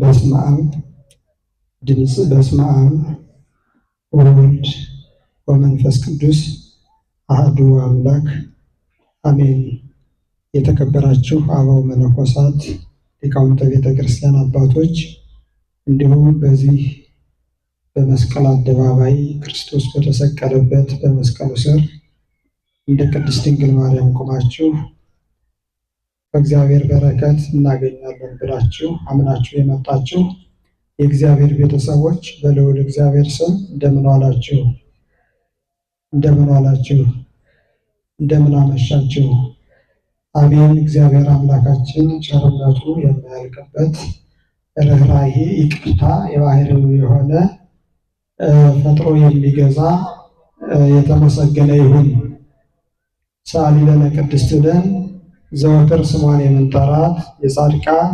በስመ አብ ድምፅ በስመ አብ ወወልድ ወመንፈስ ቅዱስ አህዱ አምላክ አሜን። የተከበራችሁ አበው መነኮሳት፣ ሊቃውንተ ቤተ ክርስቲያን አባቶች፣ እንዲሁም በዚህ በመስቀል አደባባይ ክርስቶስ በተሰቀለበት በመስቀሉ ስር እንደ ቅድስት ድንግል ማርያም ቆማችሁ በእግዚአብሔር በረከት እናገኛለን ብላችሁ አምናችሁ የመጣችሁ የእግዚአብሔር ቤተሰቦች በልዑል እግዚአብሔር ስም እንደምን ዋላችሁ? እንደምን ዋላችሁ? እንደምን አመሻችሁ? አሜን። እግዚአብሔር አምላካችን ቸርነቱ የማያልቅበት ርኅራሄ፣ ይቅርታ የባህሪው የሆነ ፈጥሮ የሚገዛ የተመሰገነ ይሁን። ሳሊለነ ቅድስት ብለን ዘወትር ስሟን የምንጠራት የጻድቃን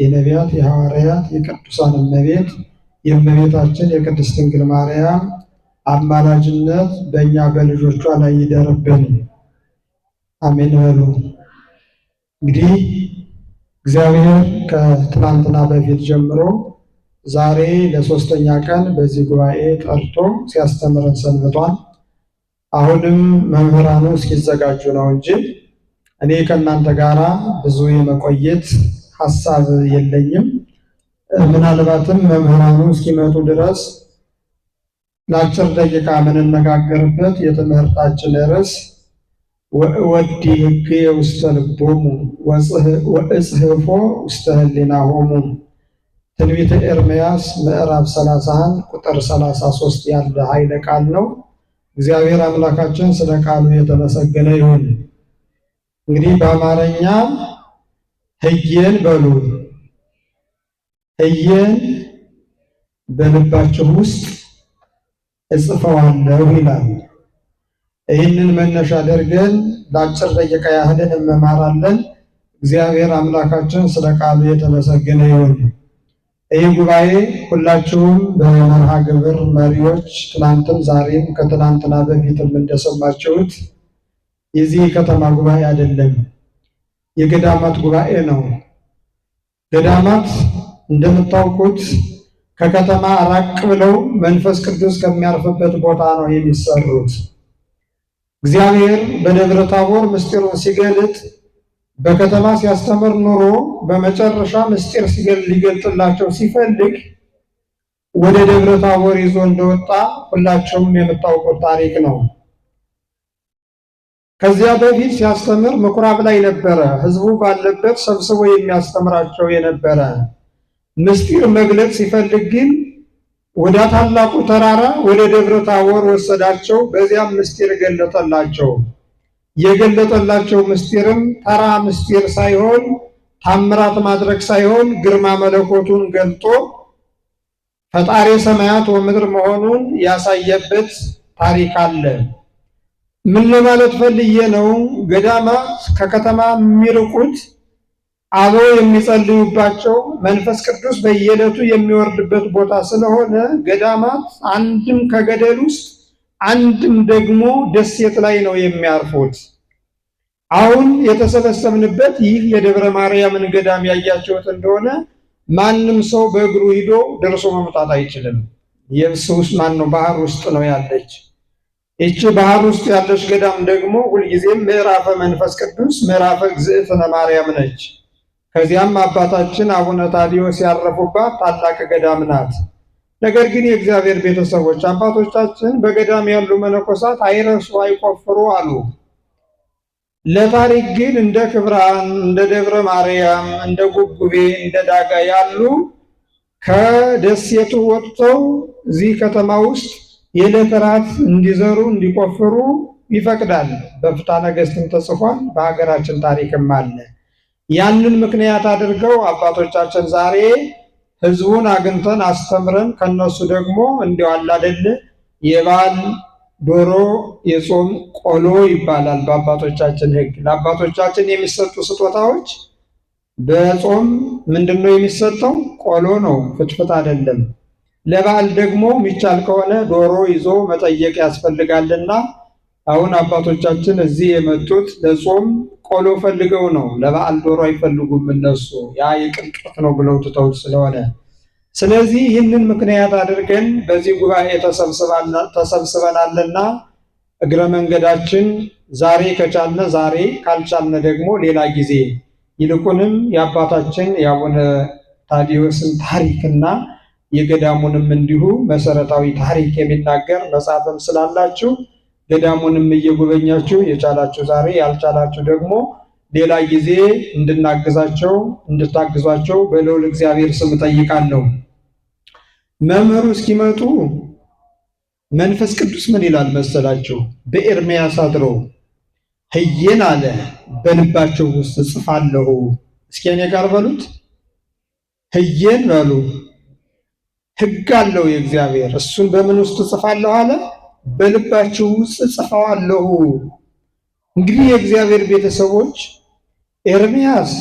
የነቢያት የሐዋርያት የቅዱሳን እመቤት የእመቤታችን የቅድስት ድንግል ማርያም አማላጅነት በእኛ በልጆቿ ላይ ይደርብን፣ አሜን በሉ። እንግዲህ እግዚአብሔር ከትናንትና በፊት ጀምሮ ዛሬ ለሶስተኛ ቀን በዚህ ጉባኤ ጠርቶ ሲያስተምረን ሰንብቷል። አሁንም መምህራኑ እስኪዘጋጁ ነው እንጂ እኔ ከእናንተ ጋራ ብዙ የመቆየት ሀሳብ የለኝም። ምናልባትም መምህራኑ እስኪመጡ ድረስ ለአጭር ደቂቃ የምንነጋገርበት የትምህርታችን ርዕስ ወዲ ህግ ውስተ ልቦሙ ወእጽህፎ ውስተ ሆሙ ትንቢተ ኤርምያስ ምዕራፍ 31 ቁጥር 33 ያለ ኃይለ ቃል ነው። እግዚአብሔር አምላካችን ስለ ቃሉ የተመሰገነ ይሁን። እንግዲህ በአማርኛ ህየን በሉ። ህየን በልባችሁ ውስጥ እጽፈዋለሁ ይላል። ይህንን መነሻ አድርገን ለአጭር ደቂቃ ያህል እንመማራለን። እግዚአብሔር አምላካችን ስለ ቃሉ የተመሰገነ ይሁን። ይህ ጉባኤ ሁላችሁም በመርሃ ግብር መሪዎች ትናንትም ዛሬም ከትናንትና በፊትም እንደሰማችሁት የዚህ ከተማ ጉባኤ አይደለም፣ የገዳማት ጉባኤ ነው። ገዳማት እንደምታውቁት ከከተማ ራቅ ብለው መንፈስ ቅዱስ ከሚያርፍበት ቦታ ነው የሚሰሩት። እግዚአብሔር በደብረ ታቦር ምስጢሩን ሲገልጥ በከተማ ሲያስተምር ኑሮ በመጨረሻ ምስጢር ሊገልጥላቸው ሲፈልግ ወደ ደብረ ታቦር ይዞ እንደወጣ ሁላቸውም የምታውቁት ታሪክ ነው። ከዚያ በፊት ሲያስተምር ምኩራብ ላይ ነበረ። ህዝቡ ባለበት ሰብስቦ የሚያስተምራቸው የነበረ። ምስጢር መግለጽ ሲፈልግ ግን ወደ ታላቁ ተራራ ወደ ደብረ ታቦር ወሰዳቸው። በዚያም ምስጢር ገለጠላቸው። የገለጠላቸው ምስጢርም ተራ ምስጢር ሳይሆን ታምራት ማድረግ ሳይሆን ግርማ መለኮቱን ገልጦ ፈጣሪ ሰማያት ወምድር መሆኑን ያሳየበት ታሪክ አለ። ምን ለማለት ፈልዬ ነው? ገዳማት ከከተማ የሚርቁት አበው የሚጸልዩባቸው መንፈስ ቅዱስ በየዕለቱ የሚወርድበት ቦታ ስለሆነ ገዳማት አንድም ከገደል ውስጥ አንድም ደግሞ ደሴት ላይ ነው የሚያርፉት። አሁን የተሰበሰብንበት ይህ የደብረ ማርያምን ገዳም ያያቸውት እንደሆነ ማንም ሰው በእግሩ ሂዶ ደርሶ መምጣት አይችልም። የብስ ውስጥ ማን ነው ባህር ውስጥ ነው ያለች ይቺ ባህር ውስጥ ያለች ገዳም ደግሞ ሁልጊዜም ምዕራፈ መንፈስ ቅዱስ ምዕራፈ እግዝእትነ ማርያም ነች። ከዚያም አባታችን አቡነ ታዲዮስ ያረፉባት ታላቅ ገዳም ናት። ነገር ግን የእግዚአብሔር ቤተሰቦች አባቶቻችን በገዳም ያሉ መነኮሳት አይረሱ፣ አይቆፍሩ አሉ። ለታሪክ ግን እንደ ክብራን፣ እንደ ደብረ ማርያም፣ እንደ ጉጉቤ፣ እንደ ዳጋ ያሉ ከደሴቱ ወጥተው እዚህ ከተማ ውስጥ የዕለት ራት እንዲዘሩ እንዲቆፍሩ ይፈቅዳል። በፍትሐ ነገሥትም ተጽፏል፣ በሀገራችን ታሪክም አለ። ያንን ምክንያት አድርገው አባቶቻችን ዛሬ ህዝቡን አግኝተን አስተምረን ከነሱ ደግሞ እንዲያው አለ አይደለ ዶሮ የጾም ቆሎ ይባላል። በአባቶቻችን ህግ ለአባቶቻችን የሚሰጡ ስጦታዎች በጾም ምንድን ነው የሚሰጠው? ቆሎ ነው፣ ፍትፍት አይደለም። ለበዓል ደግሞ የሚቻል ከሆነ ዶሮ ይዞ መጠየቅ ያስፈልጋልና አሁን አባቶቻችን እዚህ የመጡት ለጾም ቆሎ ፈልገው ነው። ለበዓል ዶሮ አይፈልጉም እነሱ ያ የቅንጦት ነው ብለው ትተውት ስለሆነ ስለዚህ ይህንን ምክንያት አድርገን በዚህ ጉባኤ ተሰብስበናልና እግረ መንገዳችን ዛሬ ከቻልነ ዛሬ ካልቻልነ ደግሞ ሌላ ጊዜ ይልቁንም የአባታችን የአቡነ ታዲዮስን ታሪክና የገዳሙንም እንዲሁ መሰረታዊ ታሪክ የሚናገር መጽሐፍም ስላላችሁ ገዳሙንም እየጎበኛችሁ የቻላችሁ ዛሬ ያልቻላችሁ ደግሞ ሌላ ጊዜ እንድናግዛቸው እንድታግዟቸው በልዑል እግዚአብሔር ስም እጠይቃለሁ። መምህሩ እስኪመጡ መንፈስ ቅዱስ ምን ይላል መሰላችሁ? በኤርምያስ አድሮ ህየን አለ በልባቸው ውስጥ እጽፋለሁ። እስኪ እኔ ጋር በሉት፣ ህየን በሉ ሕግ አለው የእግዚአብሔር። እሱን በምን ውስጥ እጽፋለሁ አለ? በልባችሁ ውስጥ እጽፈዋለሁ። እንግዲህ የእግዚአብሔር ቤተሰቦች ኤርሚያስ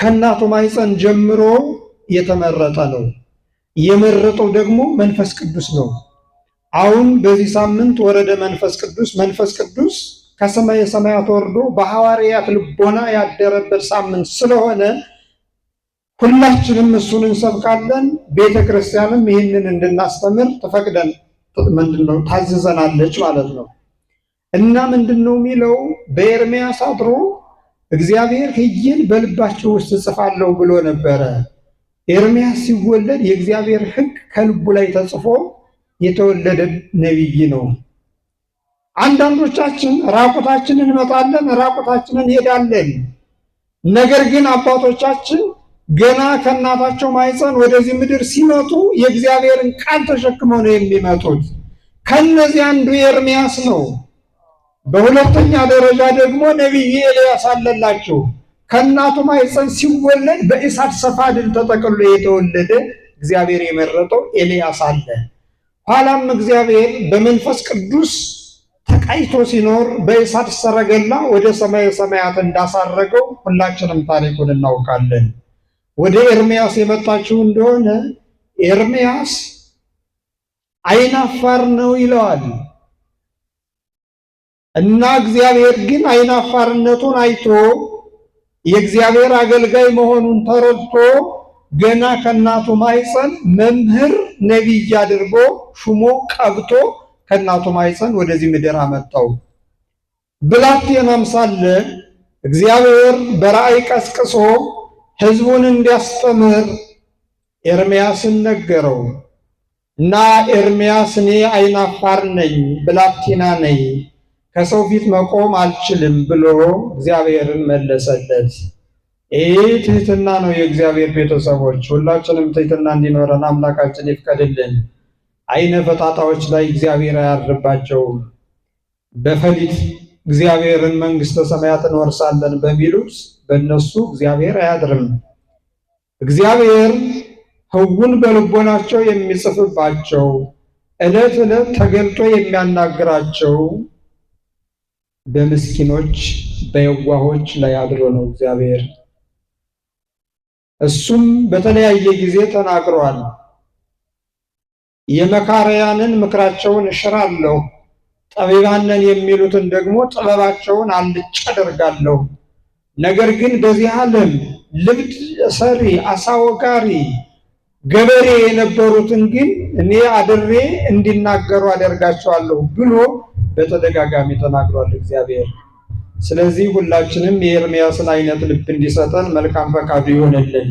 ከእናቱ ማኅፀን ጀምሮ የተመረጠ ነው። የመረጠው ደግሞ መንፈስ ቅዱስ ነው። አሁን በዚህ ሳምንት ወረደ መንፈስ ቅዱስ። መንፈስ ቅዱስ ከሰማየ ሰማያት ወርዶ በሐዋርያት ልቦና ያደረበት ሳምንት ስለሆነ ሁላችንም እሱን እንሰብካለን። ቤተ ክርስቲያንም ይህንን እንድናስተምር ተፈቅደን ምንድነው ታዝዘናለች ማለት ነው። እና ምንድን ነው የሚለው በኤርምያስ አድሮ እግዚአብሔር ህይን በልባቸው ውስጥ እጽፋለሁ ብሎ ነበረ። ኤርምያስ ሲወለድ የእግዚአብሔር ሕግ ከልቡ ላይ ተጽፎ የተወለደ ነቢይ ነው። አንዳንዶቻችን ራቁታችንን እንመጣለን፣ ራቁታችንን እንሄዳለን። ነገር ግን አባቶቻችን ገና ከእናታቸው ማይፀን ወደዚህ ምድር ሲመጡ የእግዚአብሔርን ቃል ተሸክመው ነው የሚመጡት። ከነዚህ አንዱ ኤርሚያስ ነው። በሁለተኛ ደረጃ ደግሞ ነቢይ ኤልያስ አለላቸው። ከእናቱ ማይፀን ሲወለድ በእሳት ሰፋድን ተጠቅሎ የተወለደ እግዚአብሔር የመረጠው ኤልያስ አለ። ኋላም እግዚአብሔር በመንፈስ ቅዱስ ተቃይቶ ሲኖር በእሳት ሰረገላ ወደ ሰማየ ሰማያት እንዳሳረገው ሁላችንም ታሪኩን እናውቃለን። ወደ ኤርምያስ የመጣችሁ እንደሆነ ኤርምያስ አይናፋር ነው ይለዋል እና እግዚአብሔር ግን አይናፋርነቱን አይቶ የእግዚአብሔር አገልጋይ መሆኑን ተረድቶ ገና ከእናቱ ማይፀን መምህር ነቢይ አድርጎ ሹሞ ቀብቶ ከእናቱ ማይፀን ወደዚህ ምድር አመጣው። ብላቴናም ሳለ እግዚአብሔር በራእይ ቀስቅሶ ሕዝቡን እንዲያስተምር ኤርምያስን ነገረው እና ኤርምያስ እኔ አይናፋር ነኝ፣ ብላቴና ነኝ፣ ከሰው ፊት መቆም አልችልም ብሎ እግዚአብሔርን መለሰለት። ይህ ትህትና ነው። የእግዚአብሔር ቤተሰቦች ሁላችንም ትህትና እንዲኖረን አምላካችን ይፍቀድልን። አይነ ፈጣጣዎች ላይ እግዚአብሔር አያድርባቸውም። በፈሊት እግዚአብሔርን መንግስተ ሰማያት እንወርሳለን በሚሉት በእነሱ እግዚአብሔር አያድርም። እግዚአብሔር ሕጉን በልቦናቸው የሚጽፍባቸው ዕለት ዕለት ተገልጦ የሚያናግራቸው በምስኪኖች በየዋሆች ላይ አድሮ ነው እግዚአብሔር። እሱም በተለያየ ጊዜ ተናግሯል። የመካሪያንን ምክራቸውን እሽራለሁ፣ ጠቢባንን የሚሉትን ደግሞ ጥበባቸውን አልጭ አደርጋለሁ ነገር ግን በዚህ ዓለም ልብድ ሰሪ አሳወጋሪ ገበሬ የነበሩትን ግን እኔ አድሬ እንዲናገሩ አደርጋቸዋለሁ ብሎ በተደጋጋሚ ተናግሯል እግዚአብሔር። ስለዚህ ሁላችንም የኤርምያስን አይነት ልብ እንዲሰጠን መልካም ፈቃዱ ይሆንልን።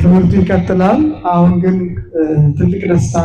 ትምህርቱ ይቀጥላል። አሁን ግን ትልቅ ደስታ